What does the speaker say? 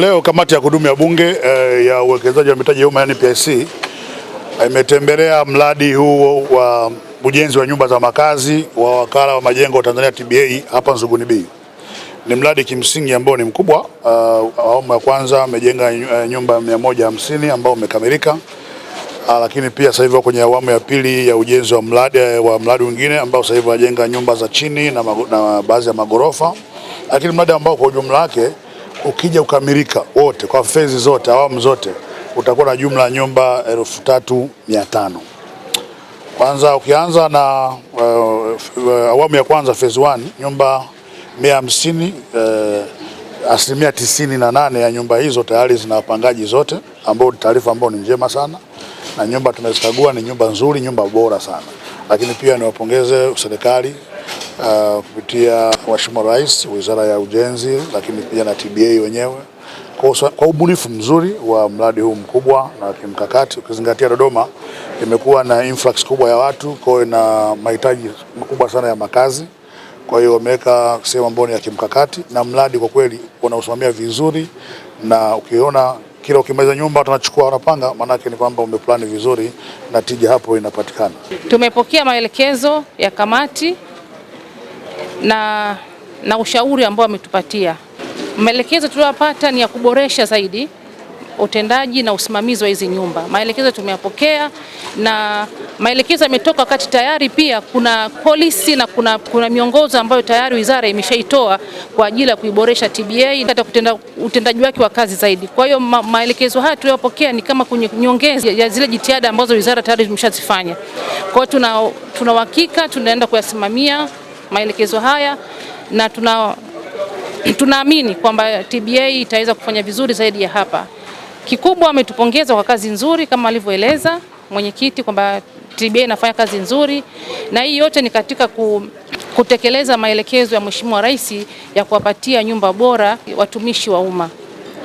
Leo kamati ya kudumu ya bunge eh, ya uwekezaji wa mitaji ya umma yani PIC imetembelea mradi huo wa ujenzi wa nyumba za makazi wa wakala wa majengo wa Tanzania TBA hapa Nzuguni B. Ni mradi kimsingi ambao ni mkubwa uh, awamu ya kwanza amejenga eh, nyumba 150 ambao umekamilika. Uh, lakini pia sasa hivi kwenye awamu ya pili ya ujenzi wa mradi wa mradi mwingine ambao sasa hivi nyumba za chini na, na baadhi ya magorofa, lakini mradi ambao kwa ujumla wake ukija ukamilika wote kwa fezi zote awamu zote utakuwa na jumla ya nyumba elfu tatu mia tano. Kwanza ukianza na uh, uh, awamu ya kwanza phase 1 nyumba mia hamsini uh, asilimia tisini na nane ya nyumba hizo tayari zina wapangaji zote, ambao taarifa ambao ni njema sana, na nyumba tumezikagua ni nyumba nzuri, nyumba bora sana, lakini pia niwapongeze serikali uh, kupitia Mheshimiwa Rais, Wizara ya Ujenzi, lakini pia na TBA wenyewe kwa, kwa ubunifu mzuri wa mradi huu mkubwa na kimkakati, ukizingatia Dodoma imekuwa na influx kubwa ya watu, kwa hiyo ina mahitaji makubwa sana ya makazi. Kwa hiyo wameweka sehemu ambayo ni ya kimkakati, na mradi kwa kweli unausimamia vizuri, na ukiona kila ukimaliza nyumba tunachukua wanapanga, maanake ni kwamba umeplani vizuri na tija hapo inapatikana. Tumepokea maelekezo ya kamati na, na ushauri ambao ametupatia. Maelekezo tuliyopata ni ya kuboresha zaidi utendaji na usimamizi wa hizi nyumba. Maelekezo tumeyapokea na maelekezo yametoka wakati tayari pia kuna polisi na kuna, kuna miongozo ambayo tayari wizara imeshaitoa kwa ajili ya kuiboresha TBA hata kutenda, utendaji wake wa kazi zaidi. Kwa hiyo ma, maelekezo haya tuliyopokea ni kama nyongeza ya zile jitihada ambazo wizara tayari imeshazifanya. Kwa hiyo tuna uhakika tunaenda kuyasimamia maelekezo haya na tuna tunaamini kwamba TBA itaweza kufanya vizuri zaidi ya hapa. Kikubwa ametupongeza kwa kazi nzuri kama alivyoeleza mwenyekiti kwamba TBA inafanya kazi nzuri, na hii yote ni katika ku, kutekeleza maelekezo ya Mheshimiwa Rais ya kuwapatia nyumba bora watumishi wa umma.